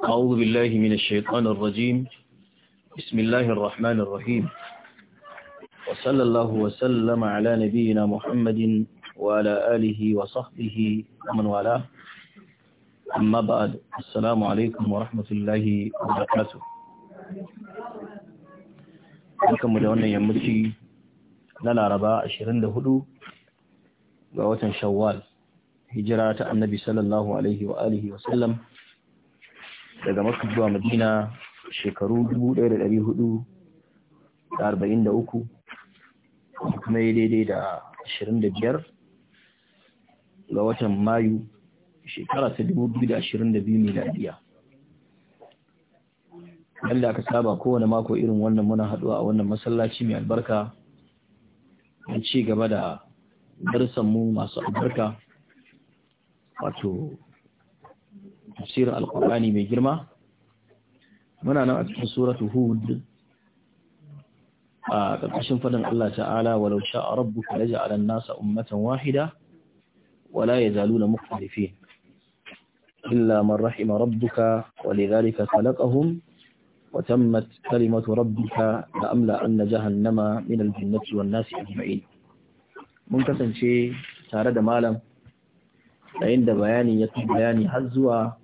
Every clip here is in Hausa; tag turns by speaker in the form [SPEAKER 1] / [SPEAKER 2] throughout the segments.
[SPEAKER 1] أعوذ بالله من الشيطان الرجيم بسم الله الرحمن الرحيم وصلى الله وسلم على نبينا محمد وعلى آله وصحبه ومن والاه أما بعد السلام عليكم ورحمة الله وبركاته Barkanmu da wannan yammaci na Laraba 24 ga watan Shawwal hijira ta Annabi sallallahu alaihi wa alihi wa sallam daga masu zuwa madina shekaru 1443 kuma yi daidai da 25 ga watan mayu shekara ta 2022 miladiya yadda aka saba kowane mako irin wannan muna haɗuwa a wannan masallaci mai albarka don ci gaba da darsanmu masu albarka wato tafsirin alkur'ani mai girma muna nan a cikin suratu hud a ƙarƙashin faɗin Allah ta'ala walau sha'a rabbuka laja'ala an-nasa ummatan wahida wala na mukhtalifin illa man rahima rabbuka walidhalika khalaqahum wa tammat kalimatu rabbika la'amla anna jahannama min al-jinnati wan-nasi ajma'in mun kasance tare da malam yayin da bayani ya bayani har zuwa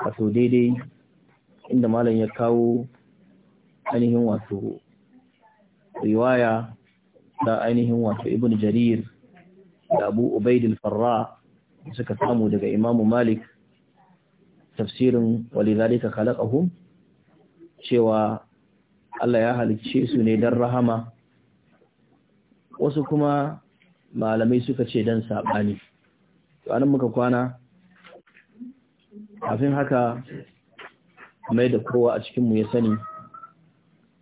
[SPEAKER 1] wato daidai inda malam ya kawo ainihin wato riwaya da ainihin wato ibn jarir da abu ubaidul farra suka samu daga imamu malik tafsirin walizalika khalaqahum cewa Allah ya halicce su ne dan rahama wasu kuma malamai suka ce dan saɓani, to anan muka kwana kafin haka mai da kowa a cikinmu ya sani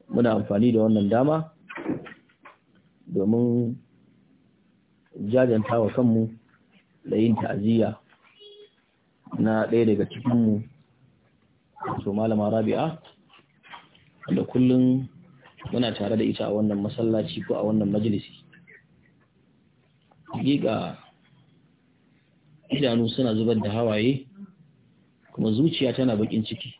[SPEAKER 1] muna amfani da wannan dama domin jajanta wa kanmu da yin ta'aziyya na ɗaya daga cikinmu su malama rabi'a da kullum muna tare da ita a wannan masallaci ko a wannan majalisi hakika idanu suna zubar da hawaye kuma zuciya tana bakin ciki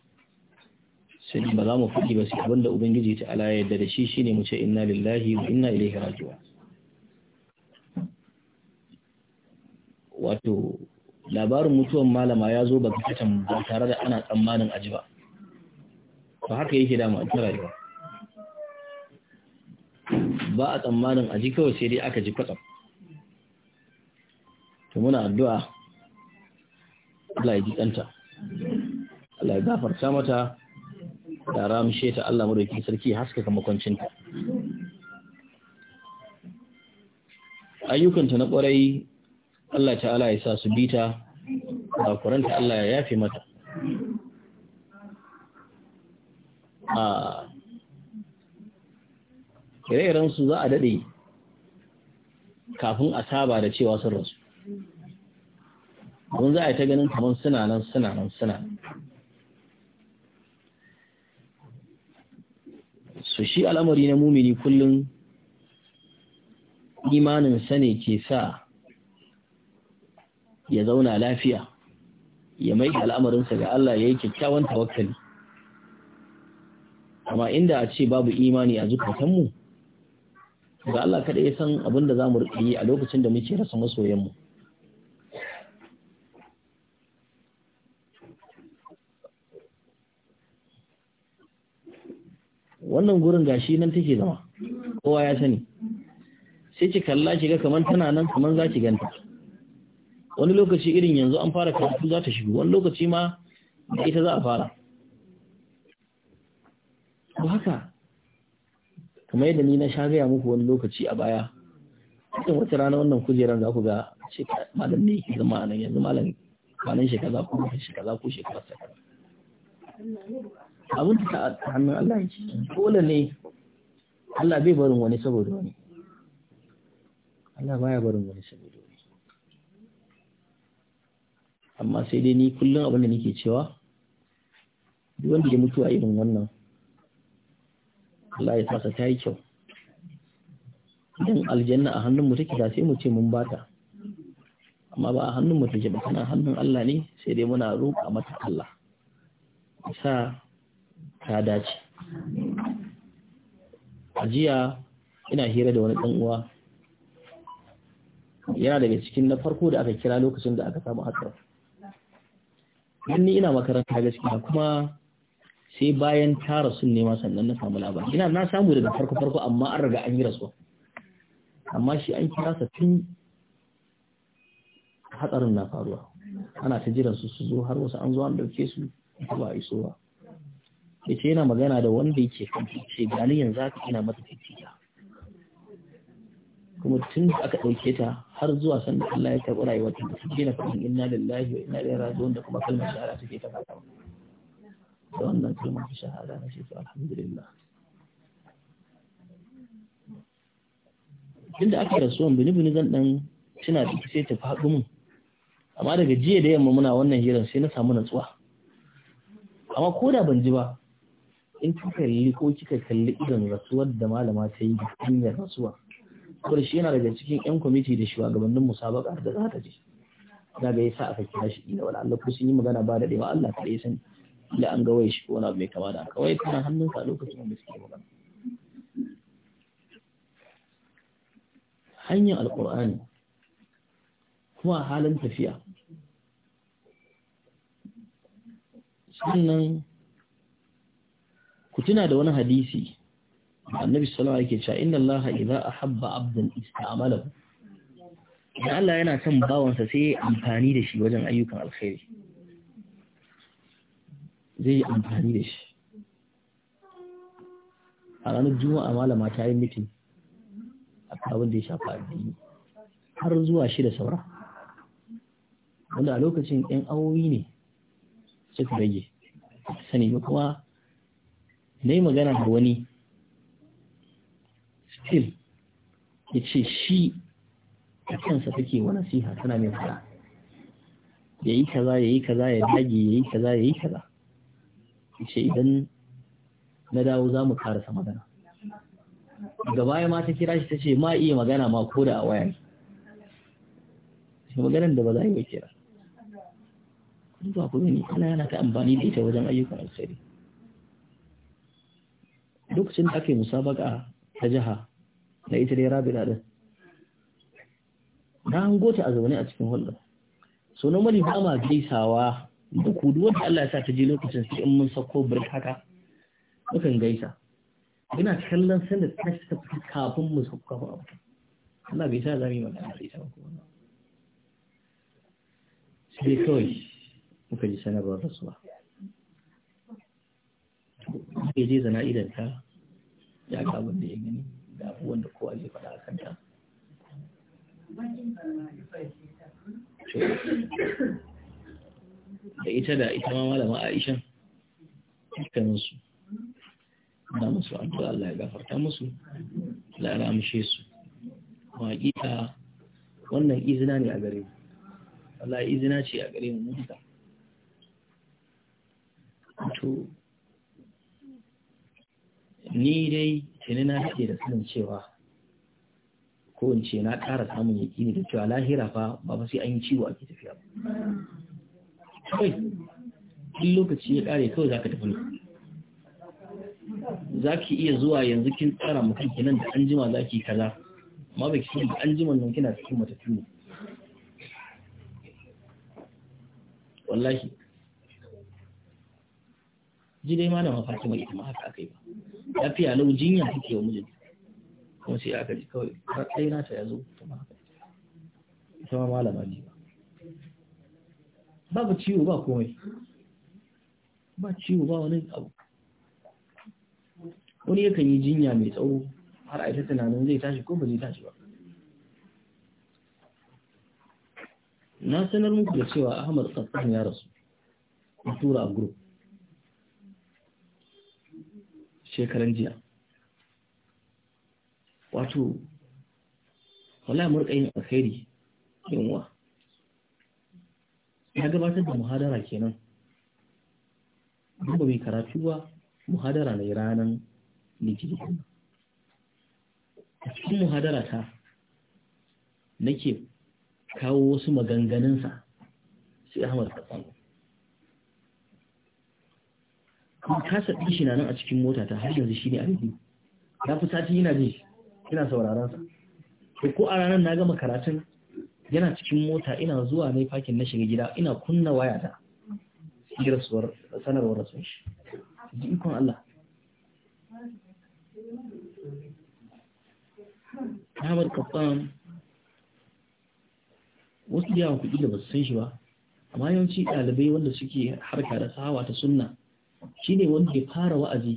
[SPEAKER 1] sai ba za mu fadi ba sai abinda ubangiji ta ala yadda da shi shine mu ce inna lillahi wa inna ilaihi raji'un wato labarin mutuwan malama ya zo bakatan ba tare da ana tsammanin aji ba ba haka yake da mu rayuwa ba a tsammanin aji kawai sai dai aka ji kwatsam to muna addu'a Allah ya ji kanta Allah ya gafarta mata da ramshe ta Allah madauki sarki haskaka makwancinta ayyukanta na kwarai Allah ta'ala ya sa su bita
[SPEAKER 2] ba kuranta Allah
[SPEAKER 1] ya yafe mata a ire su za a daɗe kafin a saba da cewa sun rasu Mun za a yi ta ganin kamar suna nan suna nan suna su shi al'amari na mumini kullum imanin ne ke sa ya zauna lafiya ya mai al'amarinsa ga Allah ya yi kyakkyawan tawakkali amma inda a ce babu imani a zukatanmu ga Allah kaɗai ya san abin da za mu riƙe yi a lokacin da muke rasa masoyanmu wannan gurin gashi nan take zama kowa ya sani sai ki kalla ki ga kaman tana nan kaman za ki ganta wani lokaci irin yanzu an fara karatu za ta shigo wani lokaci ma da ita za a fara ba haka kamar yadda ni na sha gaya muku wani lokaci a baya cikin wata rana wannan kujeran za ku ga ce malam ne yake zama a nan yanzu malam kwanan shekara ko shekara ko shekara abin ta hannun Allah ce dole ne Allah bai barin wani saboda wani Allah baya barin wani saboda wani amma sai dai ni kullum abin da nake cewa duk wanda ya mutu a irin wannan Allah ya fasa ta yi kyau idan aljanna a hannun mu take da sai mu ce mun bata amma ba a hannun mu take ba tana hannun Allah ne sai dai muna roƙa mata Allah sa ta dace a jiya ina hira da wani ɗan uwa yana daga cikin na farko da aka kira lokacin da aka samu hatsar ni ina makaranta gaskiya kuma sai bayan ta rasu nema sannan na samu labar. ina na samu daga farko farko amma an riga an yi rasuwa amma shi an kira sa tun hatsarin na faruwa ana ta jiran su su zo har wasu an zo an dauke su ba iso ba ya ce yana magana da wanda yake kan ce gani yanzu haka ina mata fifita kuma tun da aka ɗauke ta har zuwa sanda Allah ya taɓa rayuwar ta su gina ina inna lillahi wa inna ilaihi raji'un da kuma kalmar shahara take ta faɗa da wannan kalmar shahara na shi to alhamdulillah tunda aka rasuwan bini-bini zan ɗan tuna da sai ta faɗi mun amma daga jiya da yamma muna wannan hirar sai na samu natsuwa amma ko da ban ji ba in ka kalli ko kika kalli irin rasuwar da malama ta yi hanyar rasuwa Kuma shi yana daga cikin yan kwamiti da shugabannin musabaka da za ta je daga yasa aka kira shi ila wala Allah ko sun yi magana ba da dewa Allah ta san ila an ga wai shi wani abu mai kama da haka wai kana hannun a lokacin da suke magana hanyar alkur'ani kuma halin tafiya sannan ku tuna da wani hadisi annabi sallallahu alaihi wasallam yake cewa innallaha allaha idza ahabba abdan ista'malahu idan Allah yana son bawansa sai ya amfani da shi wajen ayyukan alkhairi zai yi amfani da shi a ranar juma'a malama ta yi mitin a abin da ya shafa addini har zuwa shida saura wanda a lokacin 'yan awoyi ne suka rage sani kuma na yi magana da wani still ya ce shi a kansa take wani siha tana mai fara ya yi kaza ya yi kaza ya dage ya yi kaza ya yi kaza ya ce idan na dawo za mu karasa magana Gaba baya ma ta kira shi ta ce ma iya magana ma ko da a waya shi maganan da ba za a yi kira ba ku ne ana yana ta amfani da ita wajen ayyukan alfari lokacin da ake musabaka ta jiha na ita dai da din na hango ta a zaune a cikin hulɗa so normally ba ma gaisawa duk hudu wanda Allah ya sa ta je lokacin sai in mun sako break haka mukan gaisa ina kallon sanda ta ta fita kafin mu sako kafin abu Allah bai sa zami magana sai ta sai kawai muka ji sanarwar rasuwa ake je zana idan ta ya ga abin da ya gani da abubuwan da kowa zai faɗa a kanta da ita da ita ma malama aisha dukkaninsu na musu addu'a Allah ya gafarta musu Allah ya ramshe su ita wannan izina ne a gare mu Allah izina ce a gare mu mutu to ni dai tuni na haɗe da sanin cewa ko in ce na ƙara samun ne da cewa lahira fa ba ba sai an yi ciwo ake tafiya ba kai in lokaci ya ƙare kawai za ka tafi za ki iya zuwa yanzu kin tsara mutum kenan da an jima za ki kaza ma ba ki san da an jima nan kina cikin matattu ne wallahi ji dai malama fatima ita ma aka yi ba Ya lau jinya take wa mijinta kuma sai aka ji kawai har ɗaya nata ya zo kuma haka ita ma malama ji ba babu ciwo ba komai ba ciwo ba wani abu wani yakan yi jinya mai tsawo har aita tunanin zai tashi ko bai tashi ba na sanar muku da cewa ahmad sassan ya rasu a tura a shekaran jiya wato wala murka yin alkhairi yunwa ya gabatar da muhadara kenan ba mai karatu muhadara ne ranar litinin a cikin muhadara ta nake kawo wasu maganganunsa sai ahmad katsalo kuma kasa ɗin shi na nan a cikin mota ta har yanzu shi ne arziki ya fi sati yana jin ina sauraron sa to ko a ranar na gama karatun yana cikin mota ina zuwa mai fakin na shiga gida ina kunna waya ta rasuwar sanarwar rasuwar shi ji ikon Allah bar Kafan wasu da kuɗi da ba su san shi ba amma yawanci ɗalibai wanda suke harka da sahawa ta sunna Shi ne wanda ya fara wa'azi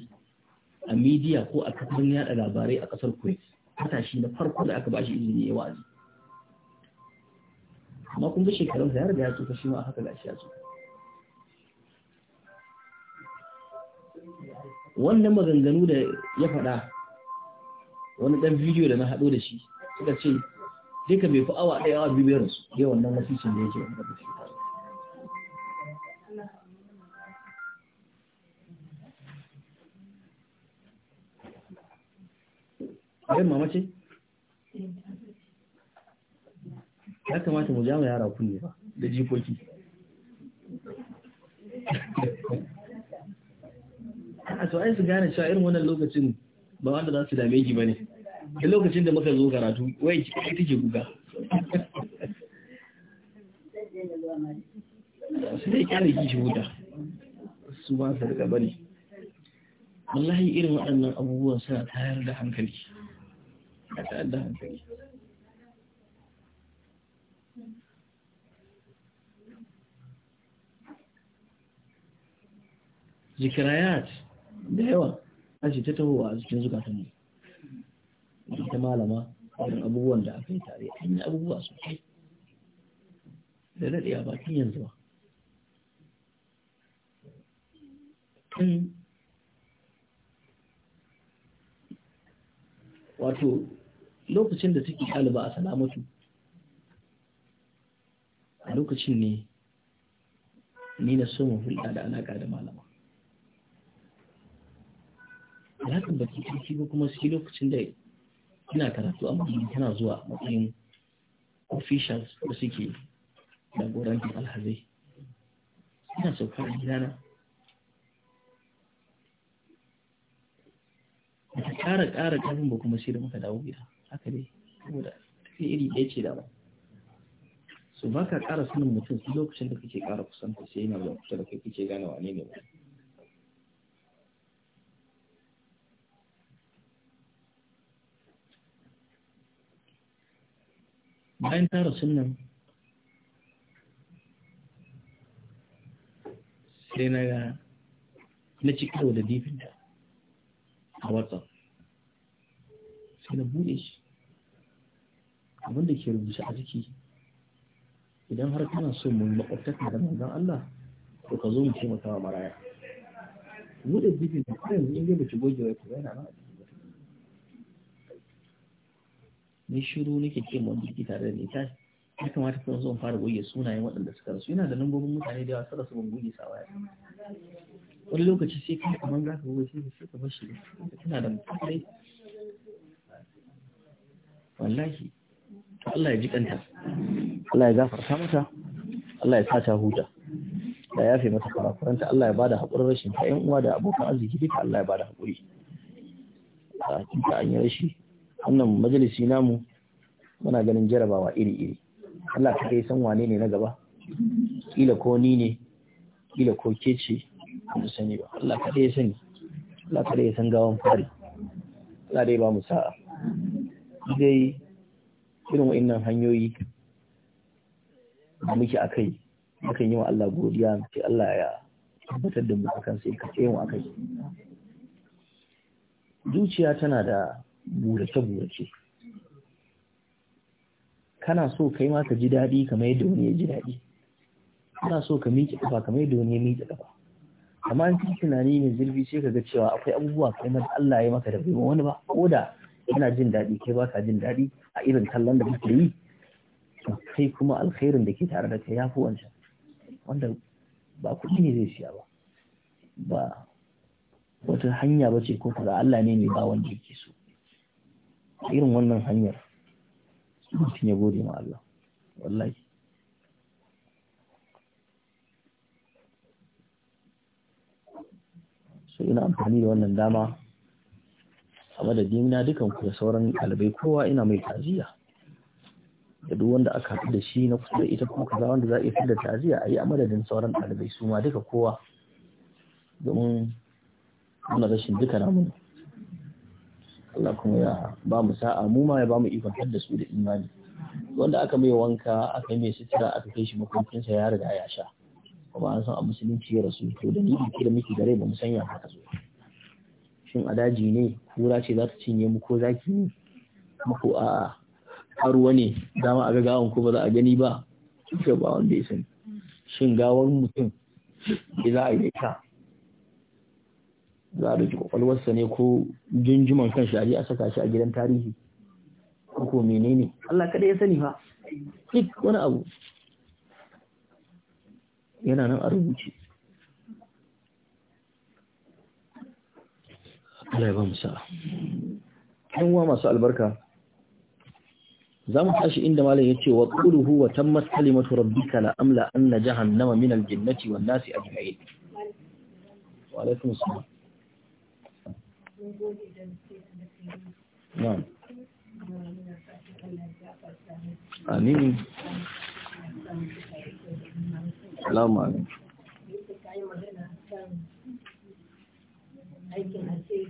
[SPEAKER 1] a midiya ko a kafin yada labarai a kasar kuwait matashi na farko da aka ba shi izini ya wa'azi amma kun ga shekarun sa ya riga ya tsufa shi ma haka shi ya tsufa wannan maganganu da ya faɗa wani ɗan bidiyo da na haɗo da shi suka ce duka bai fi awa ɗaya awa biyu bai rasu yawan nan cin da yake wani ɗan abin mamace? ya kamata mu ja mu yara kunne ba da jikoki a to ai su gane cewa irin wannan lokacin ba wanda za su dame ki ba ne, da lokacin da muka zo karatu wai ki kai take guga
[SPEAKER 3] su ne kyale ki shi huta
[SPEAKER 1] su ba su rika bane wallahi irin waɗannan abubuwan suna tayar da hankali a da zikirayat da yawa an ce ta tahowa a cikin zukatan ne ta malama irin abubuwan da aka yi tare an yi abubuwa sosai da daɗe a bakin yanzu ba tun wato lokacin da suke ɗaliba a salamatu a lokacin ne ni na so hulɗa da alaƙa da malama alaƙar baki kirki ba kuma suke lokacin da ina karatu amma tana zuwa matsayin officials da suke jagorantar alhazai ina sauka a gidana ta ƙara ƙara ƙarfin ba kuma shi da muka dawo gida haka dai saboda tafi iri ɗaya ce da ba so ba ka ƙara sanin mutum su lokacin da kake ƙara kusanta sai yana zuwa kusa da kai kake gane wane ne ba, bayan tara sunan sai na ga na ci karo da difinta a whatsapp sai na bude shi abin da ke rubuce a ciki idan har kana so mu yi makwabtaka da manzon Allah to ka zo mu taimaka wa maraya buɗe bibin da kuma yanzu in dai bace goge wai kuma yana nan a cikin ba ni shiru nake ke mu jiki tare da ni ta ya kamata kuma zo fara goge sunayen waɗanda suka rasu yana da lambobin mutane da yawa suka rasu ban goge sawa ya wani lokaci sai kai kamar za ka goge sai ka bar shi kana da mutane wallahi to Allah ya ji kanta Allah ya gafarta mata Allah ya sata huta da yafe mata kurakuranta Allah ya bada haƙurin rashin ta ƴan uwa da abokan arziki duka Allah ya bada haƙuri a cikin an yi rashi wannan majalisi namu muna ganin jarabawa iri-iri Allah ka san wane ne na gaba kila ko ni ne kila ko ke ce ba sani ba Allah ka ya sani Allah ka ya san gawan fari Allah dai ba mu sa'a dai irin wa'annan hanyoyi da muke a kai mukan yi wa Allah godiya ce Allah ya tabbatar da mu akan sai ka tsaye mu akai zuciya tana da burace burace kana so kai ma ka ji daɗi kamar yadda wani ya ji daɗi kana so ka miƙe ƙafa kamar yadda wani ya miƙe ƙafa amma in tunani mai zurfi sai ka ga cewa akwai abubuwa kai ma Allah ya maka da bai wani ba ko da yana jin daɗi kai ba ka jin daɗi a irin kallon da kuke yi kai kuma alkhairin da ke tare da kai ya fi wancan wanda ba kuɗi ne zai siya ba ba wata hanya ba ce ko kaza Allah ne mai ba wanda yake so irin wannan hanyar mutum ya gode ma Allah wallahi so ina amfani da wannan dama madadin na dukan ku da sauran albai kowa ina mai taziya da duk wanda aka haɗu da shi na kusa da ita kuma kaza wanda za a iya fidda taziya a yi a madadin sauran albai su ma duka kowa domin muna rashin duka na mun Allah kuma ya ba mu sa'a mu ma ya ba mu ikon da su da imani wanda aka mai wanka aka yi mai sutura aka kai shi sa ya riga ya sha kuma an san a musulunci ya rasu to da ni da muke da rai ba mu sanya haka zuwa shin a daji ne kura ce za ta cinye mu ko zaki ne ko a haruwa ne dama a ga ko ba za a gani ba duka ba wanda ya sani shin gawar mutum ke za a yi ta za a ɗauki kwakwalwarsa ne ko jinjiman kan shi a saka shi a gidan tarihi ko menene Allah kada ya sani fa duk wani abu yana nan a rubuce Allah ba uwa masu albarka zamu tashi inda malam ya ce wa ƙuluhu wa tammat kalimatu rabbika la amla anna jahannama min aljannati wan nasi ajma'in wa alaikum assalam na'am
[SPEAKER 3] amin alaikum aikin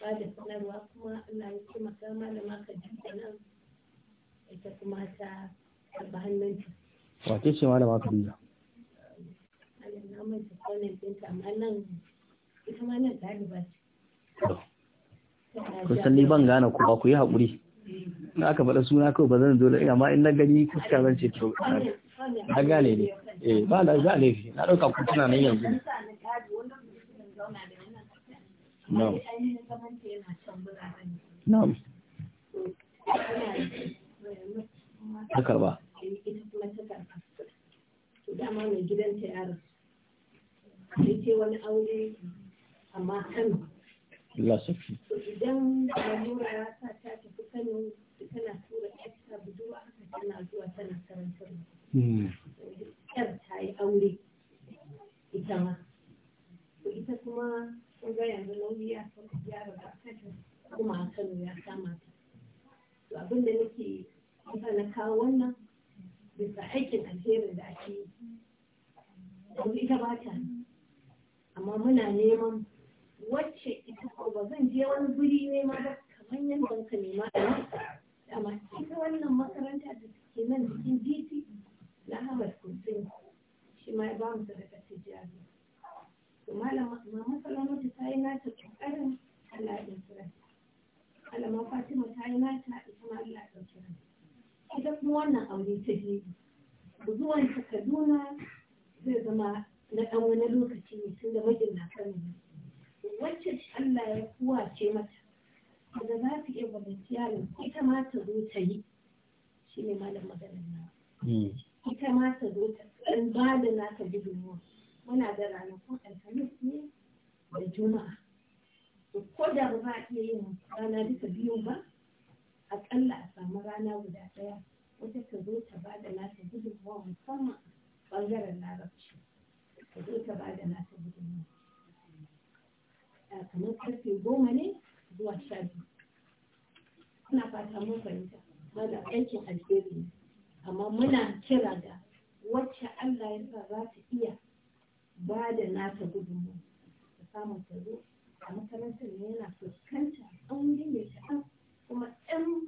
[SPEAKER 3] ba da sanarwa kuma Allah ya taimaka malama ka duka nan ita kuma ta karɓi hannunta.
[SPEAKER 1] Wace ce malama Khadija?
[SPEAKER 3] Allah na manta sunan ɗinta amma nan ita ma nan ɗaliba ce.
[SPEAKER 1] Kusan ni ban gane ku ba ku yi haƙuri. Na aka faɗa suna ko ba zan dole ina ma in na gani fuska zan ce to
[SPEAKER 2] na gane ne. Eh ba da za a
[SPEAKER 1] laifi na ɗauka ku tana nan yanzu.
[SPEAKER 3] na'am na'am ta karba dama mai gidanta ya rasu sai ce wani aure amma kano Allah Idan lalura ya sa ta tafi Kano tana tura ta budurwa haka tana zuwa tana karantar. Yar hmm. ta yi aure ita ma. Ita kuma kun ga yanzu nauyi ya ya riga kuma a Kano ya kama ta to abin da nake kusa na kawo wannan bisa aikin alherin da ake yi yanzu ita ba ta amma muna neman wacce ita ko ba zan je wani guri nema ba kamar yadda ka nema amma ita wannan makaranta da take nan cikin GT na Harvard Kusin shi ma ya ba mu sadaka tijjani
[SPEAKER 2] mama salamatu
[SPEAKER 3] ta yi nata kokarin Allah ya ɗauki ranta malama fatima ta yi nata ita ma Allah ya ɗauki ranta ita kuma wannan aure ta biyu zuwan ta Kaduna zai zama na ɗan wani lokaci ne tun da mijin na kan wacce Allah ya kuwace mata da za ta iya volunteering ita ma ta zo ta yi shi ne malam maganar na hmm. ita ma ta zo ta ɗan ba da nata gudunmuwa muna da ranakun alhamis ne da juma'a ko da ba za a iya yin rana duka biyu ba akalla a samu rana guda ɗaya wata ta zo ta ba da nata gudunmawa musamman ɓangaren larabci ta zo ta ba da nata gudunmawa kamar karfe goma ne zuwa sha biyu ana fata mun fahimta mana aikin alheri amma muna kira da wacce Allah ya sa za ta iya ba da nata gudunmu da samun tsaro a makarantar ne yana fuskanta an wuri mai sha'a kuma ɗan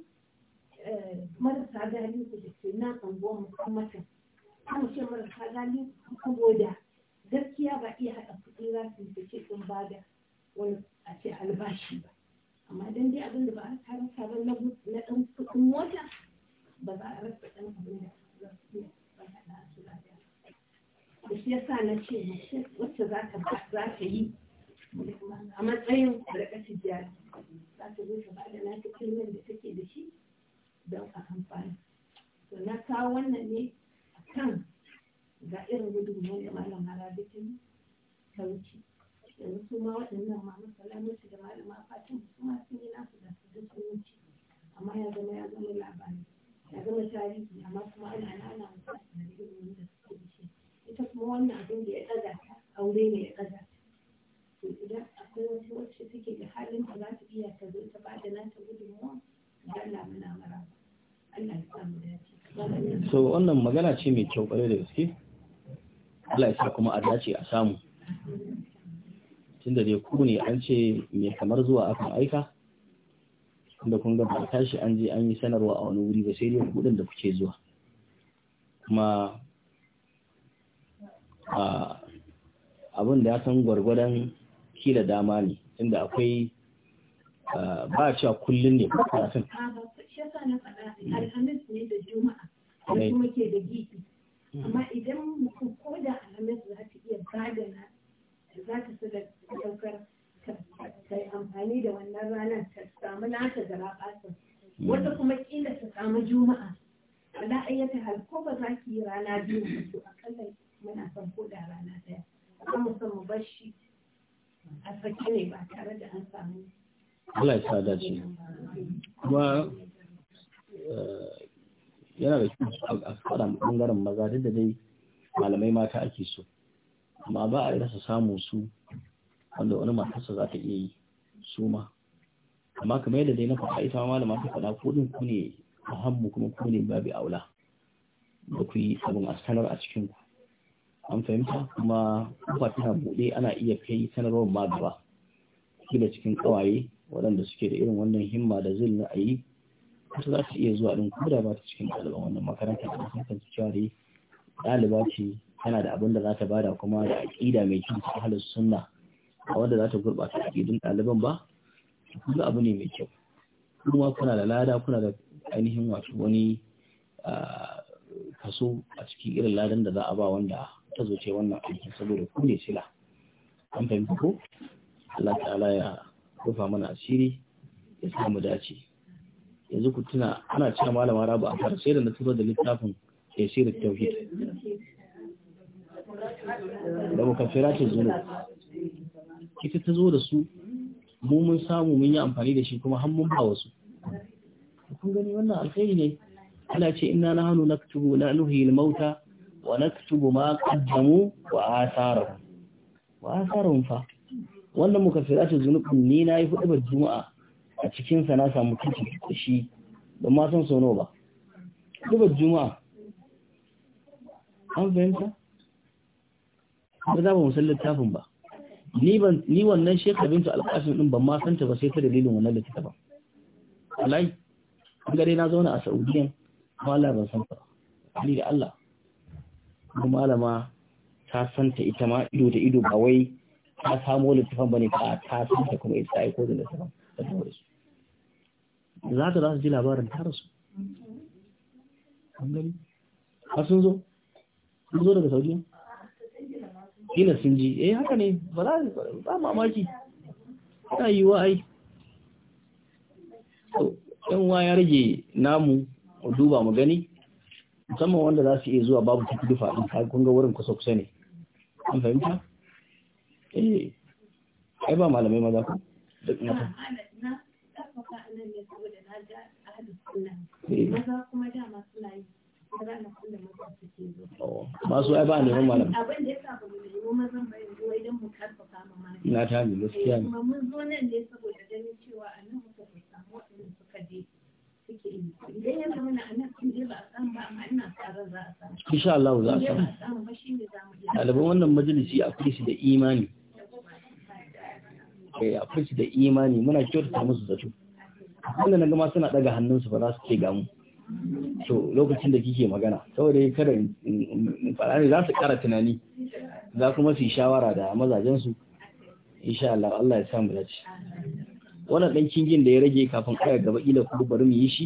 [SPEAKER 3] eh, marasa galihu da ke na kanguwa musamman kuma ce marasa galihu saboda gaskiya ba iya haɗa kuɗi za su yi ce sun ba da wani a ce albashi ba amma dan dai abin da ba a rasa ba na ɗan kuɗin mota ba za a rasa ɗan abin za su ya sa na ce wacce za ta yi a matsayin da tijjari za ta zo ta ba da nata ilimin da take da shi don a amfani to na kawo wannan ne a kan ga irin mai da malam harabitin ta wuce yanzu su ma waɗannan mamu salamunsu da malama fatin su ma sun yi nasu da su zai sun wuce amma ya zama ya zama labari ya zama tarihi amma kuma ana nana musu da ilimin da suke da shi ita kuma wannan abin da ya ɗaga ta aure ne ya ɗaga to idan akwai wasu wacce take da halin da za ta iya ta zo ta ba da nata gudunmuwa da Allah muna
[SPEAKER 2] mara Allah ya samu dace so
[SPEAKER 1] wannan magana ce mai kyau kwarai da gaske Allah ya sa kuma a dace a samu tunda dai ku ne an ce mai kamar zuwa akan aika da kun ga ba tashi an je an yi sanarwa a wani wuri ba sai dai kuɗin da kuke zuwa kuma abin da ya san gwargwadon kila dama ne inda akwai ba cewa kullum ne karatun
[SPEAKER 3] alhamis ne da juma'a da kuma ke da gidi hmm. amma idan mutum ko da alhamis za ta iya na, za ta su da daukar ta yi amfani da wannan ranar ta samu nata da rabatin hmm. wata kuma kila ta samu juma'a ala ayyata hal ko ba za ki yi rana biyu a kallon muna son ko da rana ɗaya ba mu son mu bar shi a sake ne ba tare da an samu
[SPEAKER 1] Allah ya sa dace kuma eh, yana da kyau a fara bangaren maza duk da dai malamai mata ake so amma ba a rasa samun su wanda wani matarsa za ta iya yi su ma amma kamar yadda dai na faɗa ita ma malama ta faɗa ko din ku ne a hannu kuma ku ne babu aula da ku yi abin a sanar a cikin ku an fahimta kuma kofa tana buɗe ana iya kai sanarwar ma gaba kila cikin ƙawaye waɗanda suke da irin wannan himma da zil na ayi wata za su iya zuwa ɗin da ba ta cikin ɗaliban wannan makaranta da sun kan cewa dai ɗaliba ce tana da abin da za ta bada kuma da aƙida mai kyau ta ahalar sunna a wanda za ta gurɓata aƙidun ɗaliban ba kuma abu ne mai kyau kuma kuna da lada kuna da ainihin wato wani ah, kaso a cikin irin ladan da za a ba wanda ta zo ce wannan aiki saboda ku ne sila an fahimta ko Allah ta'ala ya rufa mana asiri ya sa mu dace yanzu ku tuna ana cewa malama rabu a fara sai da na turo da littafin tafsir tauhid
[SPEAKER 2] da ce zuwa
[SPEAKER 1] ita ta zo da su mu mun samu mun yi amfani da shi kuma har mun ba wasu kun gani wannan alkhairi ne Allah ce inna nahnu naktubu na nuhi al-mauta wa naktubu ma qaddamu wa atharahum wa atharahum fa wannan ta zunubin ni nayi hudubar juma'a a cikin sa na samu kici da shi ban ma san sono ba hudubar juma'a an fahimta ba za mu san littafin ba ni ban ni wannan shekara bintu alqasim din ban ma san ta ba sai ta dalilin wannan littafin wallahi an gare na zauna a Saudiyan ba Allah ban san ta ni da Allah kuma malama ta santa ita ma ido da ido ba wai ta samo littafan bane ba ta santa kuma ita ai kodin da sabon da ta su za ta za su ji labarin ta rasu gani har sun zo sun zo daga saudiya kila sun ji eh haka ne ba za ba mamaki ta yi wa ai yan wa ya rage namu duba mu gani musamman wanda za su iya zuwa babu tafi dufa ɗin ta kunga wurin kusa kusa ne an fahimta eh ai ba malamai maza ku duk masu ai ba neman malam
[SPEAKER 3] abin da ya sa ba mu nemi mazan ba yanzu wai mu karfafa na ta ne gaskiya ne eh, mun zo nan ne saboda ganin cewa a nan muka samu waɗanda suka je in dai insha Allah za a samu ba
[SPEAKER 2] ɗaliban
[SPEAKER 1] wannan majalisi akwai shi da imani eh akwai da imani muna kyautata musu zato wanda na gama suna ɗaga hannunsu ba za su ce gamu to lokacin da kike magana saboda kada in za su ƙara tunani za kuma su yi shawara da mazajensu insha Allah Allah ya samu dace wannan dan kingin da ya rage kafin aya gaba ila ku bari mu yi shi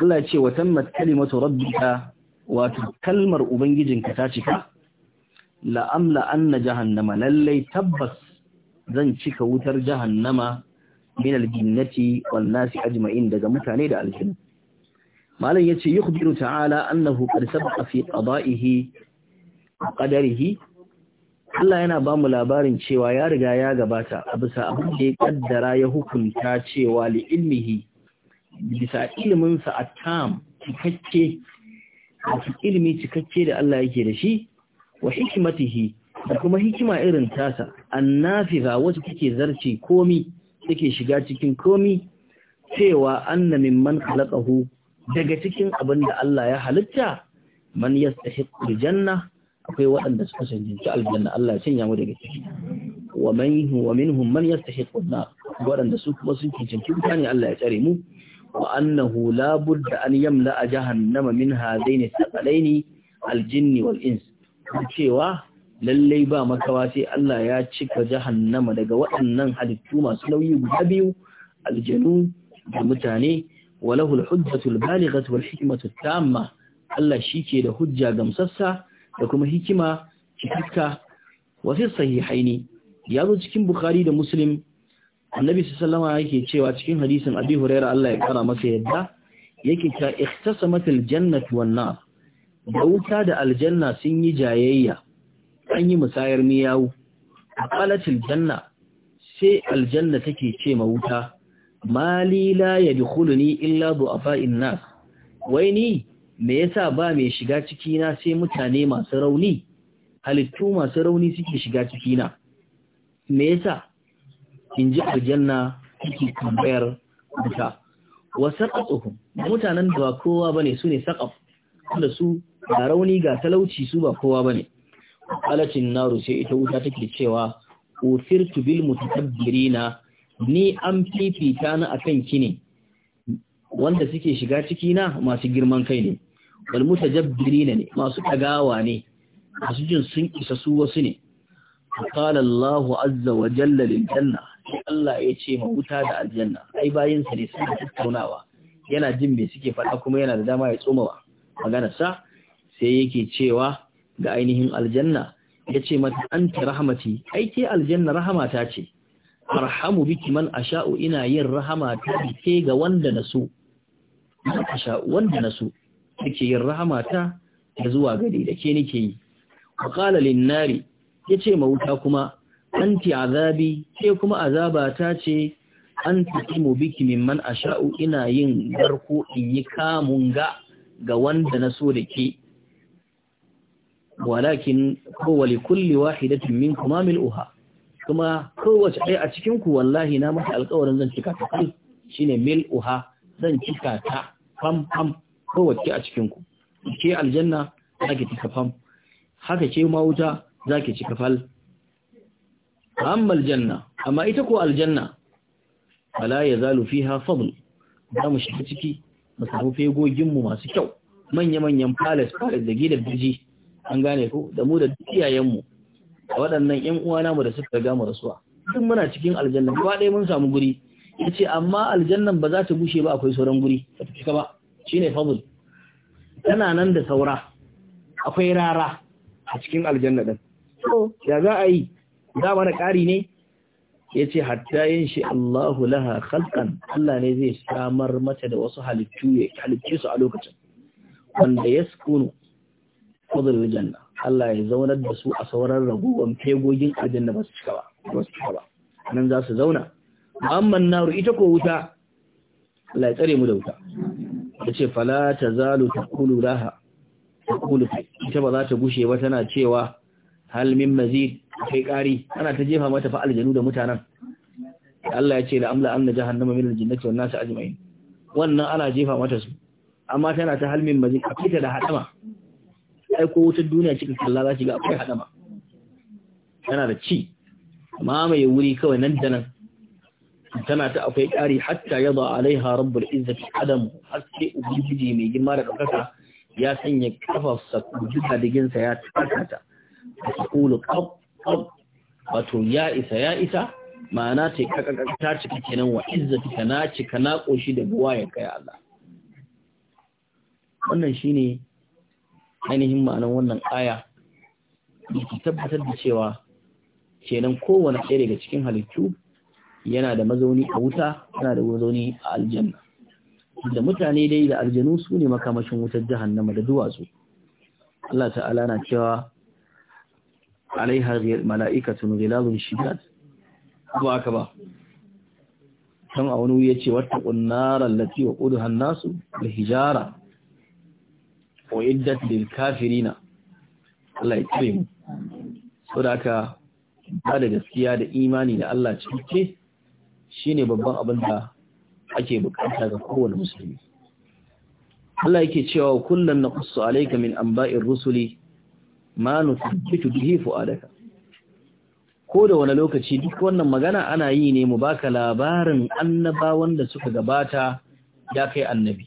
[SPEAKER 1] Allah ce wa tammat kalimatu rabbika wato kalmar Ubangijin ka ta cika la amla anna jahannama lallai tabbas zan cika wutar jahannama min aljinnati wan nasi ajma'in daga mutane da aljin malam yace yukhbiru ta'ala annahu qad sabaqa fi qada'ihi qadarihi Allah yana ba mu labarin cewa ya riga ya gabata a bisa abin da ya kaddara ya hukunta cewa li ilmihi bisa iliminsa a tam cikakke ilimi cikakke da Allah yake da shi wa hikimatihi da kuma hikima irin tasa annafiza wacce kake zarce komi take shiga cikin komi cewa anna mimman khalaqahu daga cikin abin da Allah ya halitta man yastahiqu janna akwai waɗanda suka cancanci aljanna Allah ya sanya mu daga ciki wa man wa minhum man yastahiqu an waɗanda su kuma sun cancanci mutane. Allah ya tsare mu wa annahu la budda an yamla jahannama min hadaini thaqalaini al-jinni wal ins cewa lallai ba makawa sai Allah ya cika jahannama daga waɗannan halittu masu nauyi guda biyu aljanu da mutane walahul hujjatul balighatu wal hikmatu tamma Allah shike da hujja gamsassa da kuma hikima cikakka wasu fi sahihaini ya zo cikin bukhari da muslim annabi sallama yake cewa cikin hadisin abi Huraira Allah ya kara masa yadda yake ta ikhtasamat aljannatu wan nar da wuta da aljanna sun yi jayayya an yi musayar miyawu qalat aljanna sai aljanna take ce ma wuta mali la yadkhuluni illa in nas wai ni me yasa ba mai shiga ciki na sai mutane masu rauni halittu masu rauni suke shiga cikina me yasa in ji aljanna suke tambayar wuta wa mutanen da ba kowa bane su ne saqaf wanda su ga rauni ga talauci su ba kowa bane alatin naru sai ita wuta take cewa usirtu bil mutakabbirina ni an fifita na akan kine ne wanda suke shiga ciki na masu girman kai ne wal mutajabbirina ne masu ɗagawa ne masu jin sun isa su wasu ne qala Allahu azza wa jalla lil janna Allah ya ce ma wuta da aljanna ai bayin sa ne suna tattaunawa yana jin mai suke faɗa kuma yana da dama ya tsomawa magana sa sai yake cewa ga ainihin aljanna ya ce mata ta rahmati ai ke aljanna rahamata ce arhamu biki man asha'u ina yin rahama ta ke ga wanda na so asha wanda na so yake yin rahama ta da zuwa gari da ke nake yi wa qala ya nari yace ma wuta kuma anti azabi ke kuma azaba ta ce an mu biki a sha'u ina yin garko in yi kamun ga ga wanda na so da ke walakin kowali kulli wahidatin min kuma mil uha, kuma kowace ɗaya a cikinku wallahi na mata alkawarin zan cika ta kai shine uha, zan cika ta fam fam kowace a cikin ku ke aljanna zaki cika fam haka ce ma wuta zaki cika fal amma aljanna amma ita ko aljanna ya yazalu fiha fadl za mu shiga ciki mu samu fegogin mu masu kyau manya manyan palace palace da gidan biji an gane ko da mu da iyayen mu waɗannan ƴan uwa namu da suka ga mu rasuwa duk muna cikin aljanna ba ɗaya mun samu guri ya ce amma aljannan ba za ta gushe ba akwai sauran guri ba ta cika ba shi ne fabul tana nan da saura akwai rara a cikin aljanna ɗin ya za a yi za mana ƙari ne ya ce hatta yin shi Allahu laha khalqan Allah ne zai samar mata da wasu halittu ya halicce su a lokacin wanda ya sukunu fadlul janna Allah ya zaunar da su a sauran ragowar fegogin aljanna ba su cika ba ba su cika ba nan za su zauna amman naru ita ko wuta Allah ya tsare mu da wuta yace fala tazalu taqulu laha taqulu ita ba za ta gushe ba tana cewa hal min mazid kai kari ana ta jefa mata fa aljanu da mutanen Allah ya ce la amla anna jahannama min aljannati wan nasu ajma'in wannan ana jefa mata su amma tana ta hal min mazid akita da hadama ai ko wutar duniya cikin kalla za ki ga akwai hadama tana da ci mamaye wuri kawai nan da nan tana ta akwai ƙari hatta yaba alaiha rabbul izzati adam haske ubangiji mai girma da ɗaukaka ya sanya kafarsa kujuka diginsa ya taka ta a sakulu ƙaf wato ya isa ya isa ma'ana ce ta cika kenan wa izzati ka na cika na ƙoshi da buwa ya kai Allah wannan shine ainihin ma'anar wannan aya da tabbatar da cewa kenan kowane ɗaya daga cikin halittu yana da mazauni a wuta yana da mazauni a aljanna da mutane dai da aljanu su ne makamashin wutar jahannama da duwatsu Allah ta'ala na cewa alaiha mala'ikatun ghilazun shidad ba aka ba kan a wani wuya ce wata ƙunnarar lati wa ƙuduhan nasu da hijara wa iddat lil kafirina Allah ya kire
[SPEAKER 2] mu da
[SPEAKER 1] aka ba da gaskiya da imani da Allah cikin Shi ne babban abin da ake bukata ga kowane musulmi Allah yake cewa na kusa alaika min ba’in rusuli ma nusabbitu a daga. ko da wani lokaci duk wannan magana ana yi ne mu baka labarin annaba wanda suka gabata ya kai annabi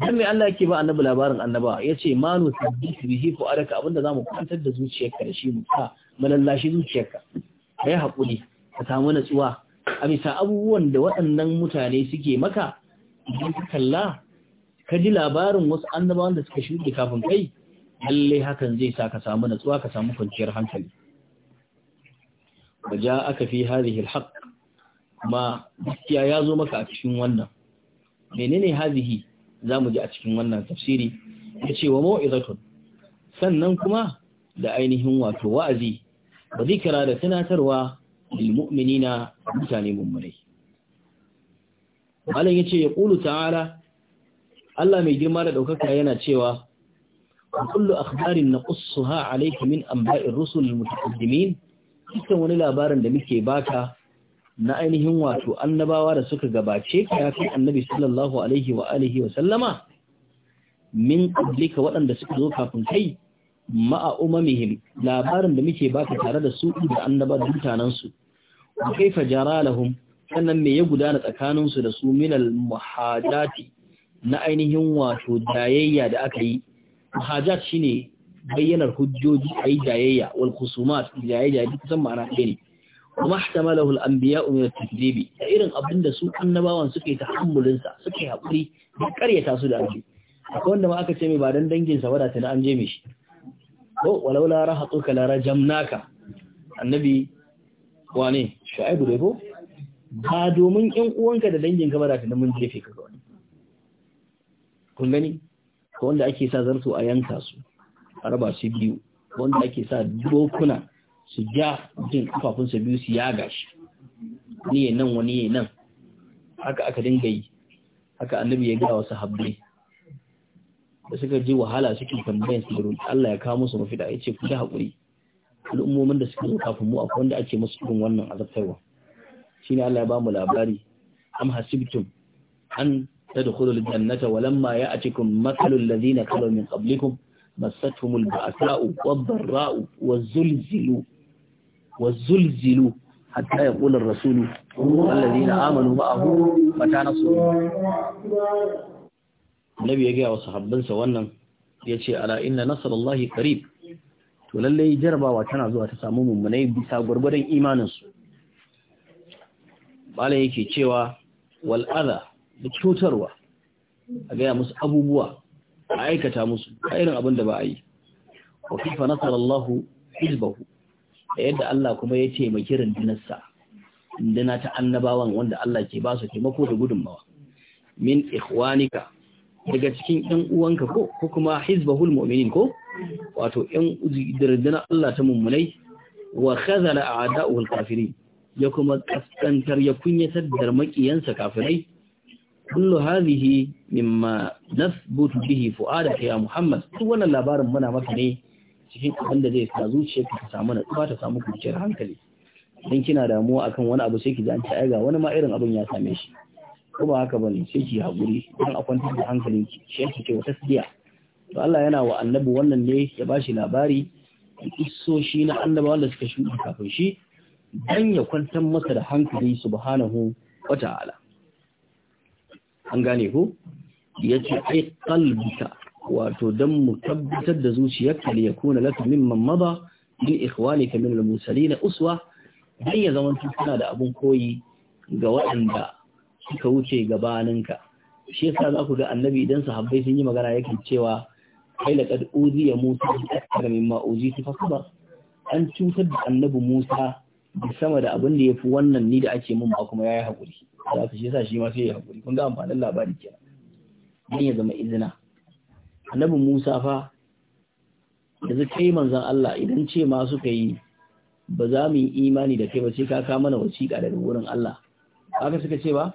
[SPEAKER 1] Don mai Allah yake ba annabi labarin annaba yace ma nusabbitu bihi fu'adaka abinda mu kwantar da zuciyarka da shi mu ka malallashi zuciyarka kai hakuri ka samu natsuwa a bisa abubuwan da waɗannan mutane suke maka idan ka kalla ka ji labarin wasu annabawan da suka shuɗe kafin kai lalle hakan zai sa ka samu natsuwa ka samu kwanciyar hankali wa aka fi hadhihi alhaq ma gaskiya ya zo maka a cikin wannan menene za zamu ji a cikin wannan tafsiri yace wa mau'izatun sannan kuma da ainihin wato wa'azi wa kira da tunatarwa lilmu'minina mutane mummunai malam yace ya qulu ta'ala Allah mai girma da daukaka yana cewa kullu akhbarin naqussuha alayka min anba'ir rusul almutaqaddimin kusan wani labarin da muke baka na ainihin wato annabawa da suka gabace ka annabi sallallahu alaihi wa alihi wa sallama min qablika waɗanda suka zo kafin kai ma'a umamihim labarin da muke baka tare da su da annaba da mutanen su wa kaifa jara lahum sannan me ya gudana tsakanin su da su minal muhajati na ainihin wato dayayya da aka yi muhajat shine bayyanar hujjoji ayi dayayya wal khusumat dayayya duk san ma'ana ɗaya ne kuma ihtamalahu al anbiya min at-takdibi irin abinda su annabawan suke tahammulin sa suke hakuri da ƙaryata su da aiki akwai wanda ma aka ce mai ba dan dangin sa wadata na an je mishi ko walaula rahatuka la rajamnaka annabi wane shu'aibu dai ko ba domin ƴan uwanka da danginka ba da ta mun jefe ka wani kun gani ko wanda ake sa zarto a yanka su a raba su biyu wanda ake sa dokuna su ja jin kafafun su biyu su ya gashi. ni nan wani nan haka aka dinga yi haka annabi ya ga wasu habbai da suka ji wahala suke tambayan su roƙi Allah ya kawo musu mafita ce ku da hakuri al'ummomin da suka zo kafin mu akwai wanda ake musu irin wannan azabtarwa shine Allah ya bamu labari am hasibtum an tadkhulul jannata walamma ya'tikum mathalul ladhina khalu min qablikum massatuhumul ba'sa'u wad-dharra'u waz-zulzilu waz-zulzilu حتى يقول الرسول والذين آمنوا معه متى nabi ya gaya wa sahabbansa wannan ya ce ala inna nasarallahi qarib to lallai jarabawa tana zuwa ta samu mummunai bisa gwargwadon imaninsu bala yake cewa wal'adha da cutarwa a gaya musu abubuwa a aikata musu a irin abin da ba a yi wa kifa nasarallahu hizbahu da yadda Allah kuma ya taimaki rundunarsa runduna ta annabawan wanda Allah ke ba su taimako da gudunmawa min ikhwanika daga cikin 'yan uwanka ko ko kuma hizbahul mu'minin ko wato ƴan dardana Allah ta mummunai wa khazala a'da'uhu kafirin ya kuma kaskantar ya kunyatar da makiyansa kafirai kullu hadhihi mimma nasbutu bihi fu'adaka ya Muhammad duk wannan labarin muna maka ne cikin abin da zai sa zuciyarka ta samu natsuwa ta samu kwanciyar hankali dan kina damuwa akan wani abu sai ki ji an ta ga wani ma irin abin ya same shi ko ba haka bane sai ki haƙuri dan a kwantar da hankalin ki shi yake cewa tasbiya to Allah yana wa annabi wannan ne ya bashi labari isoshi na annaba wanda suka shi kafin shi dan ya kwantar masa da hankali subhanahu wata'ala an gane ko yace ai qalbika wato dan mu tabbatar da zuciyarka ya kuna laka mimman mada min ikhwanika min al musallina uswa dan ya zama tana da abun koyi ga waɗanda suka wuce gabaninka shi yasa za ku ga annabi idan sahabbai sun yi magana yake cewa kai da uzi ya musa bi akthar ma uzi fa sabar an cutar da annabi musa da sama da abin da yafi wannan ni da ake mun ba kuma yayi hakuri za ka shi yasa shi ma sai ya hakuri kun ga amfanin labari kenan dan ya zama izina annabi musa fa yanzu kai manzon Allah idan ce ma suka yi ba za mu yi imani da kai ba sai ka ka mana wasiƙa daga wurin Allah Aka suka ce ba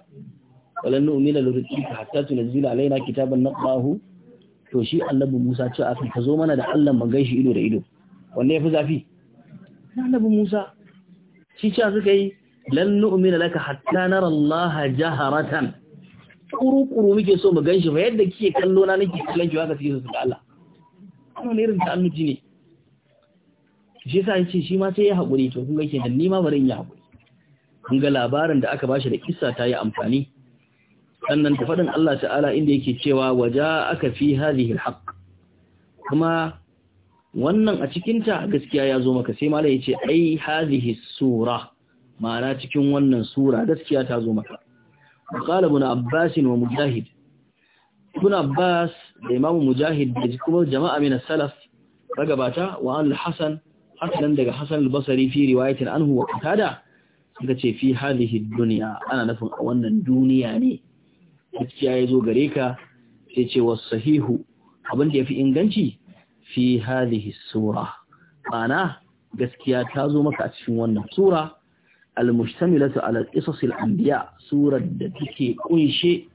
[SPEAKER 1] walan nu'mina lirrika hatta tunzila alaina kitaban naqahu to shi annabi Musa ce aka ka zo mana da Allah mu gaishe ido da ido wanne yafi zafi annabi Musa shi ce suka yi lan nu'mina laka hatta nara Allah jaharatan kuru-kuru muke so mu ganshi fa yadda kike kallo na nake kallon ki haka suke su ga Allah wannan irin annuji ne shi yasa yace shi ma sai ya hakuri to kun ga da ni ma bari in yi hakuri kun ga labarin da aka bashi da kisa ta yi amfani sannan ta faɗin Allah ta'ala inda yake cewa waja aka fi hadhihi haƙ. kuma wannan a cikinta gaskiya ya zo maka sai ya ce ai hadhihi sura ma'ana cikin wannan sura gaskiya ta zo maka Maƙala ibn abbas wa mujahid ibn abbas da mujahid da kuma jama'a min salaf ragabata wa al-hasan hasan daga hasan al-basri fi riwayatin anhu wa qatada aka ce fi halihi duniya ana nufin a wannan duniya ne gaskiya ya zo gare ka sai ce wasu sahihu abin da ya fi inganci fi halihi sura ma'ana gaskiya ta zo maka a cikin wannan sura al-mushtamilatu ala qisasil anbiya surar da take kunshe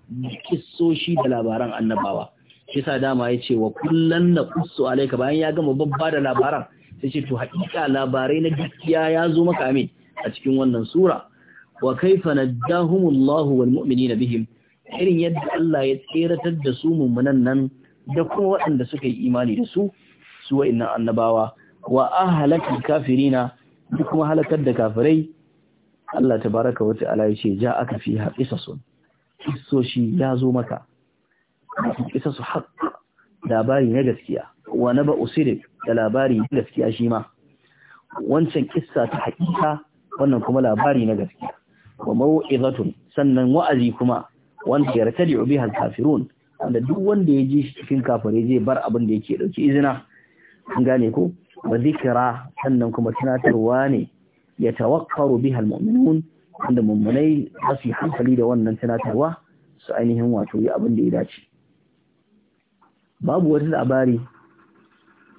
[SPEAKER 1] kissoshi da labaran annabawa shi sa dama yace wa kullan naqussu alayka bayan ya gama babba da labaran sai ce to haƙiƙa labarai na gaskiya ya zo maka amin a cikin wannan sura wa kaifa najahumullahu wal mu'minina bihim irin yadda Allah ya tseratar da su mummunan nan da kuma waɗanda suka yi imani da su su wa'annan annabawa wa ahlakal kafirina duk kuma halakar da kafirai Allah tabaraka wa ta'ala ya ce ja aka fi haqisasun kisoshi ya zo maka kisasu haqq labari na gaskiya wa naba usirik da labari na gaskiya shi ma wancan kissa ta haƙiƙa wannan kuma labari na gaskiya wa mau'izatun sannan wa'azi kuma wanda ya rata da al-kafirun wanda duk wanda ya ji cikin kafare zai bar abin da yake dauki izina an gane ko wa zikra sannan kuma tunatarwa ne ya tawakkaru biha almu'minun wanda mummunai za su yi hankali da wannan tunatarwa su ainihin wato yi abin da ya dace babu wata labari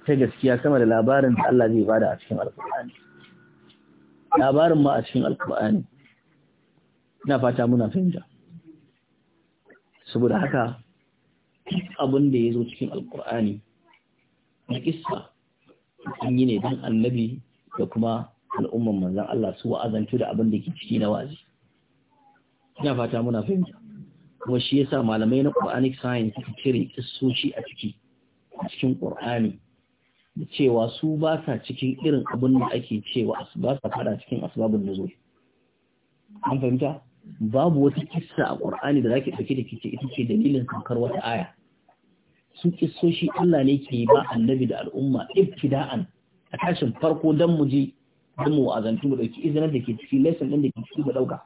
[SPEAKER 1] ta gaskiya sama da labarin da Allah zai bada a cikin alƙur'ani labarin ma a cikin alkur'ani ina fata muna fahimta saboda haka abin da ya zo cikin alkur'ani na kissa an yi ne don annabi da kuma al'umman manzan Allah su wa'azantu da abin da ke ciki na wazi ina fata muna fahimta kuma shi yasa malamai na ƙur'ani science suka cire kissoci a ciki cikin ƙur'ani. da cewa su ba sa cikin irin abin da ake cewa ba sa fada cikin da nuzul an fahimta babu wata kissa a ƙwar'ani da zaki ɗauki da ce ita ce dalilin kankar wata aya su kissoshi Allah ne ke ba annabi da al'umma ibtida'an a tashin farko don mu je don mu azantu mu ɗauki izinin da ke cikin lesson ɗin da ke cikin mu ɗauka.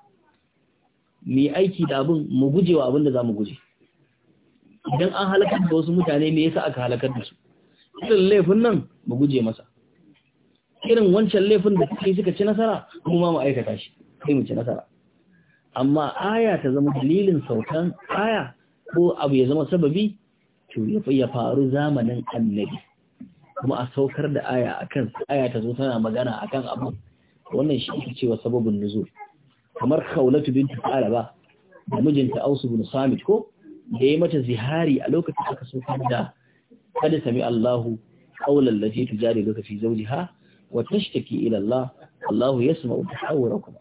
[SPEAKER 1] mu aiki da abin mu gujewa abin da za mu guje idan an halakar da wasu mutane me yasa aka halakar da su irin laifin nan mu guje masa irin wancan laifin da kai suka ci nasara kuma mu aikata shi sai mu ci nasara amma aya ta zama dalilin sautan aya ko abu ya zama sababi to ya faru zamanin annabi kuma a saukar da aya akan aya ta zo tana magana akan abu wannan shi ke cewa sababin nuzul kamar Khawlatu bint Alaba da mijinta ausu bin Samit ko da ya mata zihari a lokacin da aka saukar da kada sami Allahu qawlan lati tujadiluka fi zawjiha wa tashtaki ila Allah Allahu yasma'u tahawurakum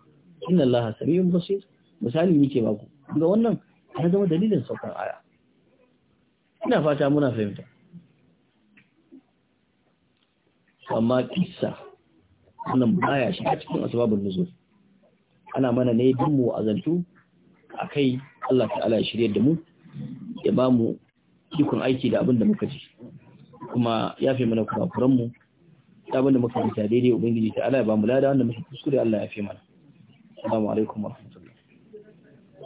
[SPEAKER 1] inna Allah samiun basir misali nake maku ga wannan ya zama dalilin saukan aya ina fata muna fahimta amma kissa wannan baya shi a cikin asbabun nuzul ana mana ne bin mu azantu akai Allah ta'ala ya shirye da mu ya ba mu ikon aiki da abin da muka ji kuma yafe mana kurakuran mu abin da muka rubuta daidai ubangiji ta ala ya ba mu lada wanda muke kuskure Allah ya fi mana assalamu alaikum wa